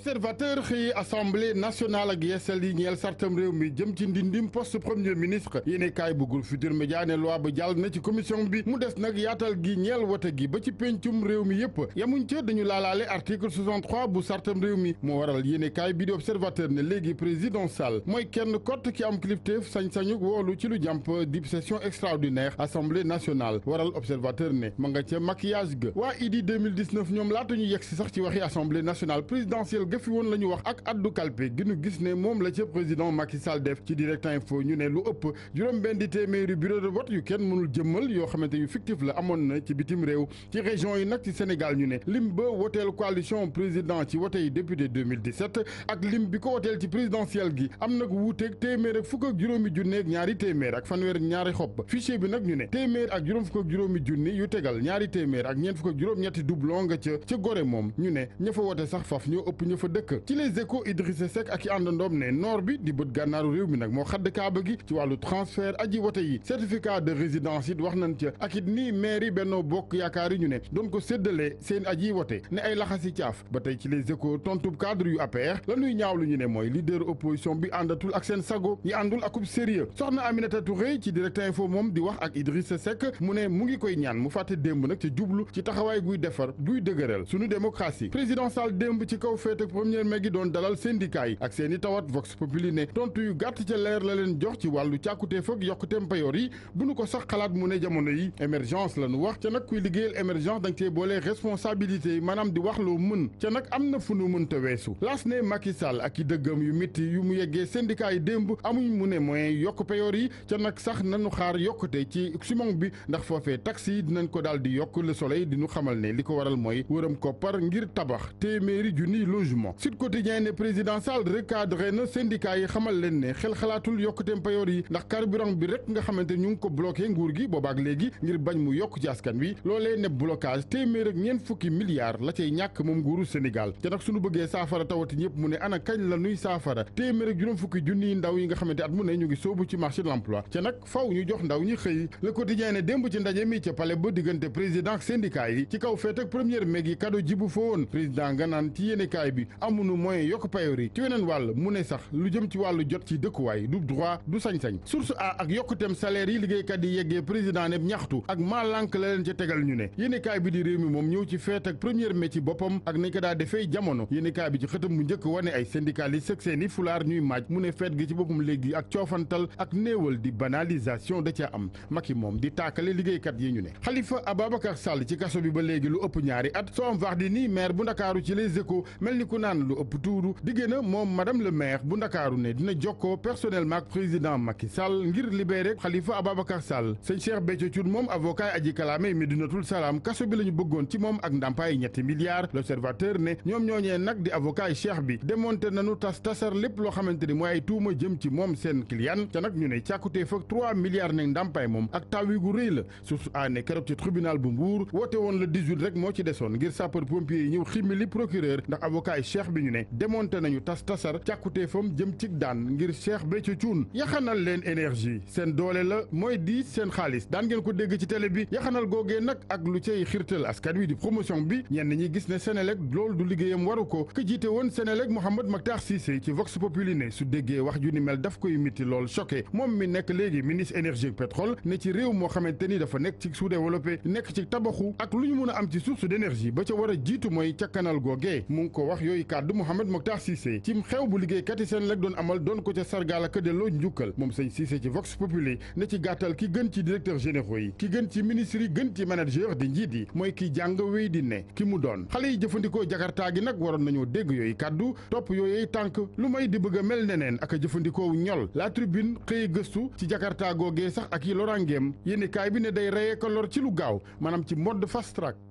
l'observateur xëy assemblée nationale ak yeesal yi ñeel sartam réew mi jëm ci ndindim poste premier ministre yéene kaay buggul futur média ne loi na ci commission bi mu des nag yaatal gi ñeel wote gi ba ci péncum réew mi yépp yamuñ ca dañu laalaale article 63 bu sartam réew mi moo waral yéene kaay bi di observateur ne léegi président Sall mooy kenn kott ki am kilifteef sañ-sañu woolu ci lu jàmp dip session extraordinaire assemblée nationale waral observateur ne ma nga ca maquillage ga waa idi 2019 ñoom laata gëfi woon la ñu wax ak addu kalpe gi ñu gis ne moom la ca président Macky Sall def ci direct info ñu ne lu ëpp juróom-benn di téeméeri bureau de vote yu kenn mënul jëmmal yoo xamante yu fictif la amoon na ci bitim réew ci région yi nag ci Sénégal ñu ne lim ba woteel coalition président ci wote yi député 2017 ak lim bi ko woteel ci présidentielle gi am nag wuuteeg téeméer ak fukk ak ak ñaari téeméer ak fanweer ak ñaari xob fichier bi nag ñu ne téeméer ak juróom fukk ak juróomi junni ñu fa dëkk ci les échos Idrissa Seck ak i àndandoom ne noor bi di bët gànnaaru réew mi nag moo xadd kaaba gi ci wàllu transfert aji wote yi certificat de résidence it wax nañ ca ak it nii maire yi Bokk Yaakaar yi ñu ne doon ko séddalee seen aji wote ne ay laxasi caaf ba tey ci les échos tontub cadre yu APR la ñuy ñaaw lu ñu ne mooy leader opposition bi àndatul ak seen sago yi àndul akub sérieux soxna Aminata Touré ci direct foo moom di wax ak Idrissa Seck mu ne mu ngi koy ñaan mu fàtte démb nag ci jublu ci taxawaay guy defar guy dëgëral suñu démocratie président Sall démb ci tëg premier mai gi doon dalal syndicat yi ak seen i tawat vox populi ne tontu yu gàtt ca leer la leen jox ci wàllu càkkutee fag yokkuteem payoor yi bu nu ko sax xalaat mu ne jamono yi émergence la nu wax ca nag kuy liggéeyal émergence danga cee boolee responsabilité yi maanaam di wax loo mën ca nag am na fu nu mën te weesu laas ne Macky Sall ak i dëggam yu métti yu mu yeggee syndicat yi démb amuñ mu ne moyen yokk payoor yi ca nag sax nanu xaar yokkute ci simon bi ndax foofee taxi yi dinañ ko daal di yokk le soleil di nu xamal ne li ko waral mooy wëram jugement Sud Quotidien ne président Sall recadré na syndicat yi xamal leen ne xel xalaatul yokkuteem payoor yi ndax carburant bi rek nga xamante ñu ngi ko bloqué nguur gi boobaak léegi ngir bañ mu yokk ci askan wi loolee ne blocage téeméer ñeent fukki milliards la cay ñàkk moom nguuru Sénégal te nag suñu bëggee saafara tawati ñëpp mu ne ana kañ la nuy saafara téeméer juróom fukki junniy ndaw yi nga xamante at mu ne ñu ngi soobu ci marché de l'emploi bi amuñu moyen yokk payoor yi ci weneen wàll mu ne sax lu jëm ci wàllu jot ci dëkkuwaay du droit du sañ-sañ source a ak yokkuteem salaire yi liggéeykat yi yeggee président neb ñaxtu ak maalank leen ca tegal ñu ne yéenekaay bi di réew mi moom ñëw ci feet ak première métier boppam ak nañ ko daa defee jamono yéenekaay bi ci xëtam mu njëkk wane ay syndicalistes ak seeni fulaar ñuy maaj mu ne feet gi ci boppam léegi ak coofantal ak néewal di banalisation yi ñu ne Khalifa Ababacar ku naan lu ëpp tuuru digge na moom madame le maire bu ndakaaru ne dina jokkoo personnellement ak président Macky Sall ngir libéré Khalifa Ababacar Sall sëñ Cheikh Béthio Thioune moom avocat aji kalaame Medinatul Salaam kaso bi la ñu bëggoon ci moom ak ndàmpaay ñetti milliards l'observateur ne ñoom ñooñee nag di avocat cheikh bi démonté nanu tas tasar lépp loo xamante ni mooy ay tuuma jëm ci moom seen client ca nag ñu ne càkkutee fag 3 milliards ne ndàmpaay moom ak taawi gu rëy la suuf aane keroog bu Mbour woote woon le 18 rek moo ci desoon ngir sapeur pompier yi ñëw ximili procureur ndax ay cheikh bi ñu ne démonté nañu tas tasar càkkutéefam jëm cig daan ngir cheikh Béthio Thioune yaxanal leen énergie seen doole la mooy di seen xaalis daan ngeen ko dégg ci télé bi yaxanal googee nag ak lu cay xirtal askan wi di promotion bi ñenn ñi gis ne Senelec lool du liggéeyam waru ko ka jiite woon Senelec Mouhamed Mactar Cissé ci Vox Populi ne su déggee wax ju ni mel daf koy miti lool choqué moom mi nekk léegi ministre énergie ak pétrole ne ci réew moo xamante ni dafa nekk ci sous-développé nekk ci tabaxu ak lu ñu mun a am ci source d'énergie ba a jiitu mooy cakkanal googee mu ngi ko yooyu kàddu Mouhamed Mokhtar Cissé cim xew bu liggéeykat yi Senelec doon amal doon ko ca sargaal ak njukkal moom sëñ Cissé ci Vox Populi ne ci gàttal ki gën ci directeur généraux yi ki gën ci ministre gën ci manager di njiit yi mooy ki jàng wéy di ne ki mu doon xale yi jëfandikoo jakartaa gi nag waroon nañoo dégg yooyu kàddu topp yooyu tànk lu may di bëgg a mel neneen ak a ñol la tribune xëy gëstu ci jakartaa googee sax ak